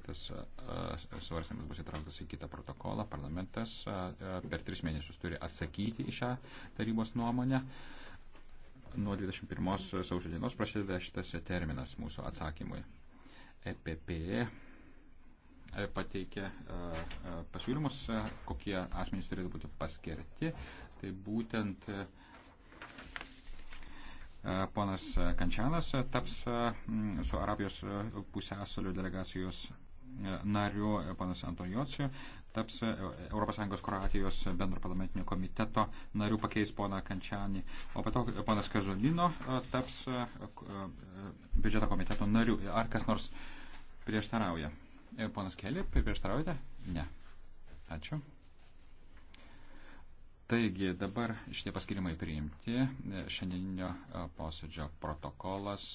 Kitas svarstymas bus įtrauktas į kitą protokolą. Parlamentas per tris mėnesius turi atsakyti į šią tarybos nuomonę. Nuo 21 sausio dienos prasideda šitas terminas mūsų atsakymui. EPP e pateikė pasiūlymus, kokie asmenys turėtų būti paskirti. Tai būtent ponas Kančianas taps su Arabijos pusėsalių delegacijos nariu, panas Antojociu, taps ES Kroatijos bendro parlamentinio komiteto narių pakeis pona Kančianį, o pato ponas Kazolino e, taps e, e, biudžeto komiteto nariu. Ar kas nors prieštarauja? Ponas Kelė, prieštaraujate? Ne. Ačiū. Taigi dabar šitie paskirimai priimti. Šiandieninio posėdžio protokolas